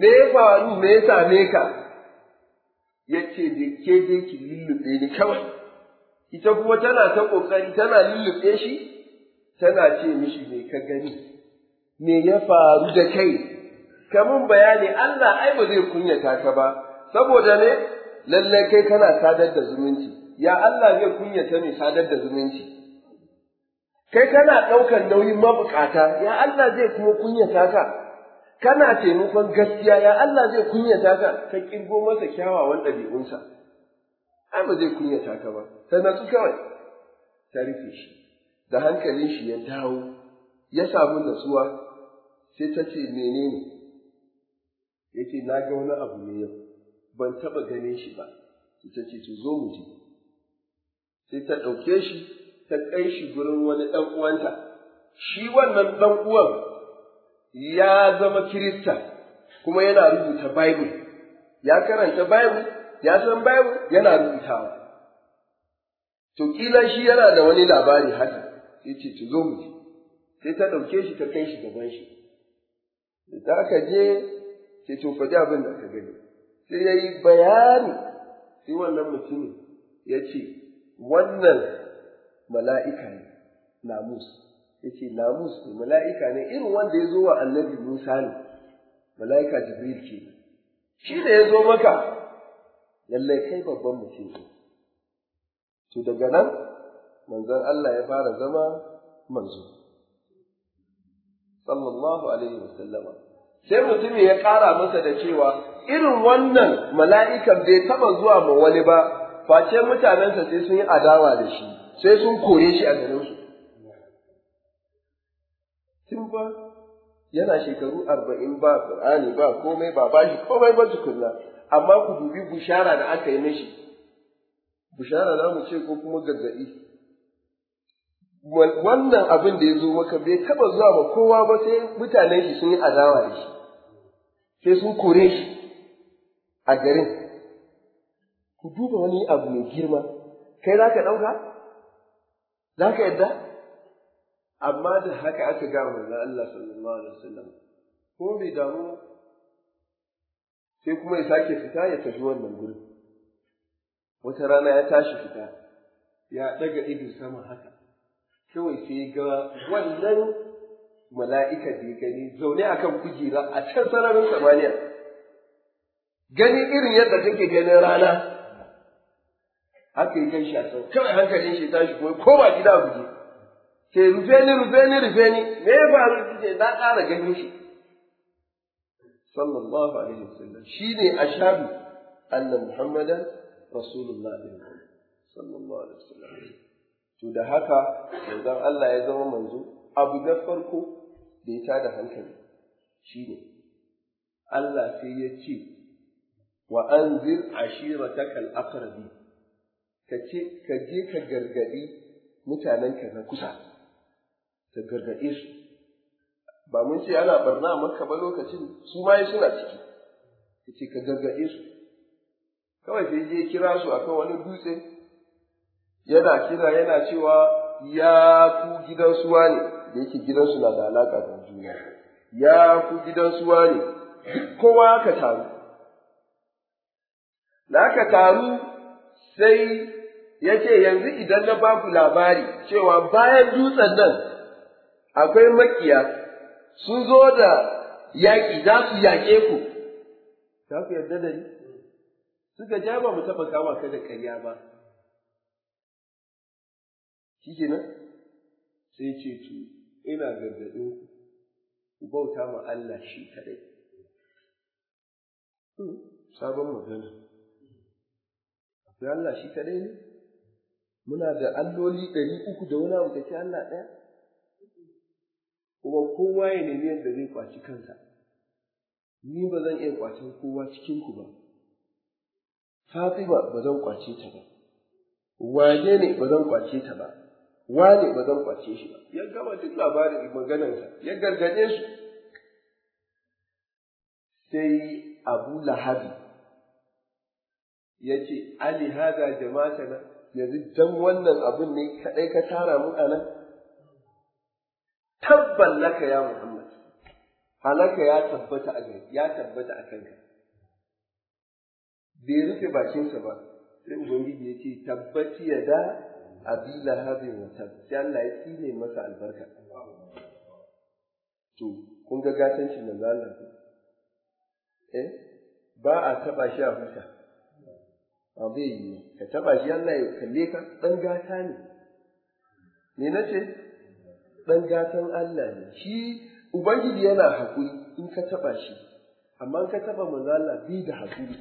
me ya faru me ya same ka ya ce da ke je ki lullube ni kawai ita kuma tana ta ƙoƙari tana lullube shi tana ce mishi me ka gani me ya faru da kai kamun bayani Allah ai ba zai kunyata ka ba saboda ne lallai kai kana sadar da zumunci ya Allah zai kunyata ne sadar da zumunci kai kana ɗaukar nauyin mabukata ya Allah zai kuma kunyata ka kana taimakon gaskiya ya Allah zai kunyata ka ka kirgo masa kyawawan ɗabi'unsa ai ba zai kunyata ka ba sai na su kawai ta rufe shi da hankalin shi ya dawo ya samu nasuwa sai ta ce menene yake na ga wani abu ne yau ban taɓa ganin shi ba ta ce to zo mu je sai ta ɗauke shi ta kai shi gurin wani ɗan uwanta shi wannan ɗan uwan ya zama Kirista kuma yana rubuta Bible, ya karanta Bible, ya san Bible yana rubutawa. To, kila shi yana da wani labari haka, sai ce, ta zo mu sai ta ɗauke shi ta kai shi gaban shi. Da aka je, sai to faɗi abin da aka gani. Sai ya yi bayani, sai wannan mutumin ya ce, wannan mala'ika ne, namus. yace namus ne mala'ika ne irin wanda ya zo wa annabi Musa ne mala'ika Jibril ke shi da ya zo maka lalle kai babban mutum ne to daga nan manzon Allah ya fara zama manzo sallallahu alaihi wasallama sai mutumin ya ƙara masa da cewa irin wannan mala'ikan bai taɓa zuwa ma wani ba face mutanensa sai sun yi adawa da shi sai sun kore shi a garinsu ba yana shekaru arba'in ba Qur'ani ba komai ba bashi komai ba tukunna amma ku dubi bushara da aka yi mishi bushara za mu ce ko kuma gargaɗi wannan abin da ya zo maka bai taba zuwa ba kowa ba sai mutanen shi sun yi adawa da shi sai sun kore shi a garin ku duba wani abu mai girma kai za ka ɗauka za ka yadda amma da haka aka ga manzo Allah sallallahu alaihi wasallam ko bai damu sai kuma ya sake fita ya tafi wannan gurin wata rana ya tashi fita ya daga ido sama haka kawai sai ga wannan mala'ika da ya gani zaune akan kujera a can sararin samaniya gani irin yadda take ganin rana haka yi gan shi a kawai hankalin shi tashi ko ba gida guje ke rufe ni rufe ni rufe ni me ya faru ce na ƙara ganin shi sallallahu alaihi wasallam shine ashadu anna muhammadan rasulullah din sallallahu alaihi wasallam to da haka manzon Allah ya zama manzo abu na farko da ya tada hankali shine Allah sai ya ce wa anzir ashiratakal aqrabi ka ce ka je ka gargadi mutanenka na kusa ta gargaɗe su ba mun ce ana barna maka ba lokacin su ma suna ciki ta ce ka gargaɗe su kawai sai je kira su akan wani dutse yana kira yana cewa ya ku gidan suwa ne da yake gidan su na da alaƙa da juna ya ku gidan suwa ne kowa ka taru da aka taru sai ya ce yanzu idan na baku labari cewa bayan dutsen nan akwai makiya sun zo da yaƙi za su yaƙe ku, za ku yarda da ni? Suka ja ba mu taɓa kama ka da ƙarya ba. Shi kenan? Sai ce tu ina gargaɗin ku, ku bauta ma Allah shi kaɗai. Hmm, sabon magana. Akwai Allah shi kaɗai ne? Muna da alloli ɗari uku da wani abu ka ce Allah ɗaya? kuma kowa ya nemi yadda zai kwaci kansa ni ba zan iya kwacin kowa cikin ku ba Fatima ba zan kwace ta ba waje ne ba zan kwace ta ba wane ba zan kwace shi ba ya gama duk labarin maganarsa ya gargaɗe shi sai abu lahabi ya ce ali hada na, yanzu dan wannan abin ne kaɗai ka tara mu a nan tabban laka ya Muhammad halaka ya tabbata a ya tabbata a kanka bai rufe bakinsa ba sai ubangiji ya ce tabbaci ya da abi lahabin wata sai Allah ya tsine masa albarka to kun ga gatancin da Allah eh ba a taba shi a huta ba zai yi ka taba shi Allah ya kalle ka ɗan gata ne me ce, ɗan gatan Allah ne shi ubangiji yana haƙuri in ka taɓa shi amma in ka taɓa manzo Allah bi da haƙuri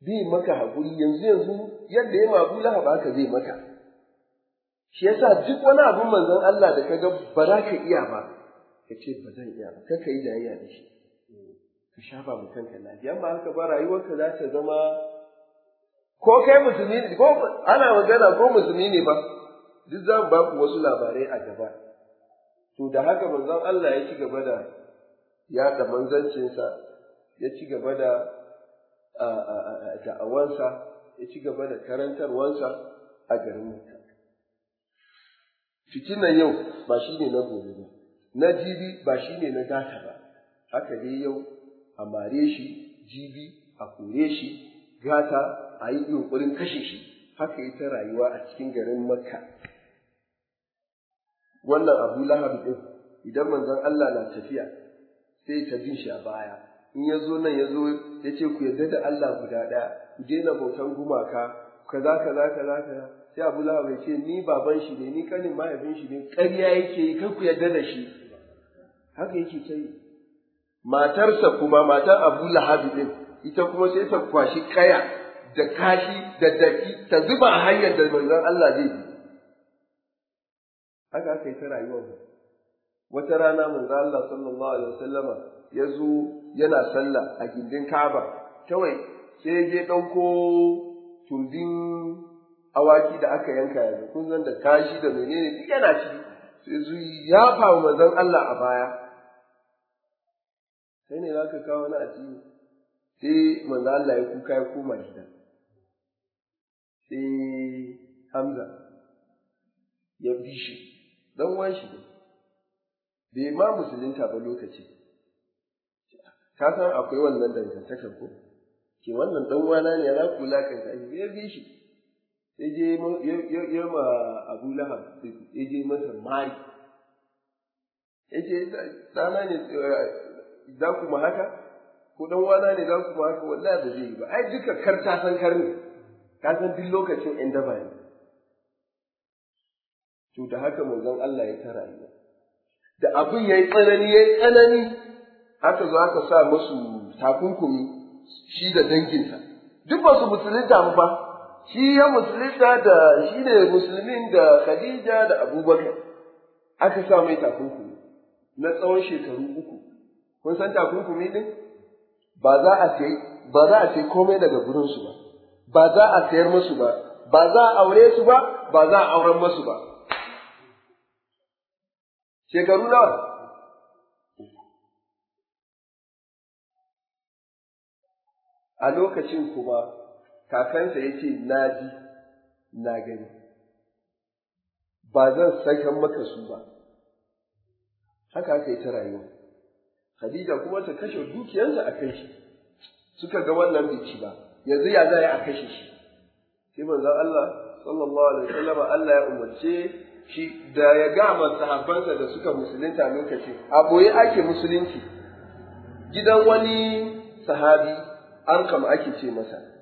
bi maka haƙuri yanzu yanzu yadda ya mabu lahaba ka zai maka shi yasa duk wani abun manzon Allah da kaga ba za ka iya ba ka ce ba zan iya ba ka yi dariya da shi ka shafa mu kanka lafiya amma haka ba rayuwarka za ta zama ko kai musulmi ko ana magana ko musulmi ne ba duk za mu ba ku wasu labarai a gaba to da haka manzon Allah ya ci gaba da yaɗa manzancinsa ya ci gaba da da'awansa ya ci gaba da karantarwansa a garin Makka nan yau ba shi ne na gobe ba na jibi ba shi ne na data ba haka dai yau a mare shi jibi a kore shi gata a yi yunkurin kashe shi haka ita rayuwa a cikin garin makka wannan Abu lahabi din idan manzon Allah na tafiya sai ta bin shi a baya in ya zo nan ya zo ya ce ku yarda da Allah guda ɗaya ku daina bautan gumaka kaza kaza kaza kaza sai Abu lahabi ya ce ni baban shi ne ni kanin mahaifin shi ne ƙarya yake yi kar ku yarda da shi haka yake ta yi matarsa kuma matar Abu ɗin, din ita kuma sai ta kwashi kaya da kashi da daki ta zuba a hanyar da manzon Allah zai bi haka aka yi ta rayuwar wata rana manzo Allah sallallahu alaihi wasallama ya zo yana sallah a gindin Kaaba kawai sai je ɗauko turbin awaki da aka yanka yanzu kun san da kashi da menene duk yana ci sai zu ya fawo manzon Allah a baya sai ne zaka kawo wani a ciki sai manzo Allah ya kuka ya koma gida sai Hamza ya bi shi dan wan shi ne bai ma musulunta ba lokaci ka san akwai wannan dangantakar ko ke wannan dan wana ne za ku lakanta shi ya bi shi ya je ya ma Abu Lahab ya je masa mari ya ce dana ne eh, za ku ma haka ko dan wana ne za ku ma haka wallahi ba zai yi ba ai duka kar ta san karni. ka san duk lokacin inda ba ne To da haka manzon Allah ya ta rayuwa. Da abin ya yi tsanani ya yi tsanani haka zo aka sa musu takunkumi shi da danginsa. Duk ba su musulunta ba, shi ya musulunta da shi ne musulmin da Khadija da Abubakar. Aka sa mai takunkumi na tsawon shekaru uku. Kun san takunkumi din? Ba za a sai ba za a sai komai daga gurinsu ba, ba za a sayar musu ba, ba za a aure su ba, ba za a auren musu ba. shekaru nawa a lokacin kuma kakansa ya ce na ji na gani ba zan sakan maka su ba haka aka yi ta rayuwa Khadija kuma ta kashe dukiyarsa a kai shi suka ga wannan biki ba yanzu ya za a kashe shi sai manzon Allah sallallahu alaihi wasallam Allah ya umarce shi da ya gama sahabbansa da suka musulunta lokaci a boye ake musulunci gidan wani sahabi an kama ake ce masa